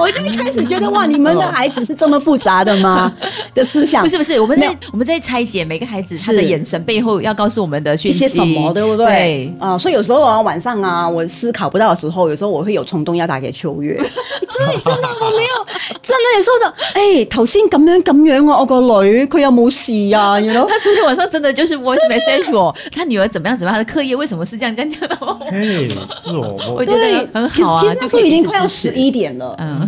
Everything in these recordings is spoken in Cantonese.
我一開始覺得哇，你們的孩子是這麼複雜的嗎？的 思想不是不是，我們在我們在拆解，每個孩子他的眼神背後要告訴我們的訊息什麼，對不對？啊、嗯，所以有時候啊，晚上啊，我思考不到的時候，有時候我會有衝動要打給秋月。對 真的，真的我沒有，真的有時候說哎，頭先咁樣咁樣啊，我個女，佢又冇事啊，你咯、 欸。他昨天晚上真的就是 voice message， 他女兒怎麼樣怎麼樣，他的課業為什麼是這樣的哦哎，是哦，我覺得很好啊。其實，其實已經快要十一點了，嗯。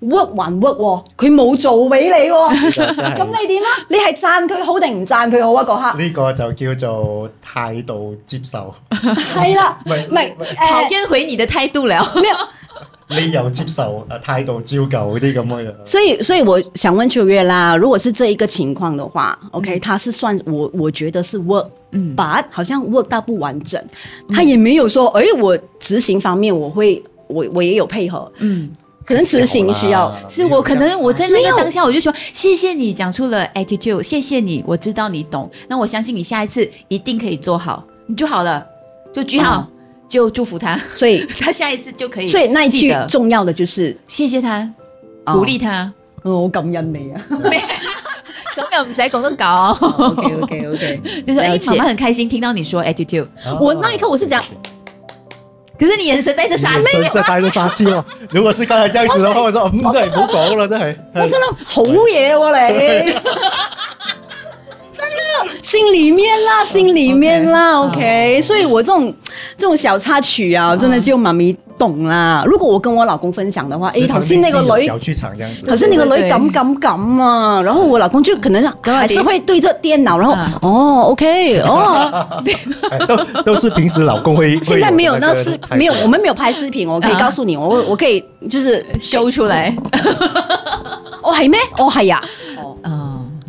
work 還 work 喎，佢冇做俾你喎，咁你點啊？你係讚佢好定唔讚佢好啊？嗰刻呢個就叫做態度接受，係 對啦，唔係唔係，考驗回你的態度了， 你又接受啊態度照舊嗰啲咁嘅樣。所以所以我想問秋月啦，如果是這一個情況的話、嗯、，OK，他是算我，我覺得是 work，but、嗯、好像 work 到不完整，他、嗯、也沒有說，哎，我執行方面，我會，我我也有配合，嗯。可能執行需要是，是我可能我在那個當下我就說、啊、謝謝你講出了 attitude，謝謝你，我知道你懂，那我相信你下一次一定可以做好，你就好了，就最好、啊，就祝福他，所以他下一次就可以。所以那一句重要的就是 謝謝他，鼓勵他、啊哦，我感恩你啊，咁 我唔誰講咁搞、啊、o、oh, k OK OK，, okay 就說而且我、哎、很開心聽到你說 attitude，、oh, 我那一刻我是這樣。Okay, okay. 可是你眼神帶着殺機，眼神帶住殺機喎！如果是剛才這樣子嘅話， 哦、我話唔得唔講啦，嗯、我真係。真的好嘢喎你！ 真的心裏面啦，心裏面啦。OK，, okay, okay, okay. 所以我這種這種小插曲啊，okay. 真的就媽咪。懂啦、啊，如果我跟我老公分享的話，哎、欸，好像那個雷，小劇場這樣子，好像那個雷咁咁咁啊。然後我老公就可能還是會對着電腦，然後、啊、哦，OK，哦，都、 哎、都是平時老公會。會現在沒有那是沒有，我們沒有拍視頻，我可以告訴你，我我可以就是修出來。哦，係咩？哦，係呀。哦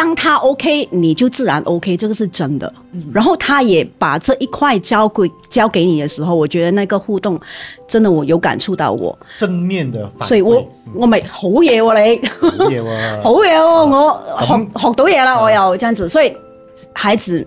當他 OK，你就自然 OK，這個是真的。嗯、然後他也把這一塊交給交給你的時候，我覺得那個互動真的，我有感觸到我，我正面的反饋。所以我、嗯、我咪好嘢、哦，你好嘢、 哦，我、嗯、學學到嘢啦、嗯，我又這樣子，所以孩子，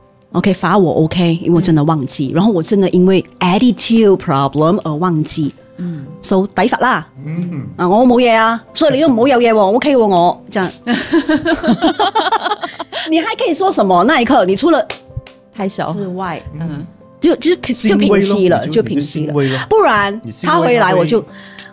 OK，罰我 OK，因為我真的忘記、嗯。然後我真的因為 attitude problem 而忘記。嗯，So 抵罰啦。嗯啊，我冇嘢啊，所以你又唔好有嘢喎， 我，OK、哦、我我這樣。 你還可以說什麼？那一刻，你除了拍手之外，嗯，就就就平息了，就平息了。了息了了不然他回來我就。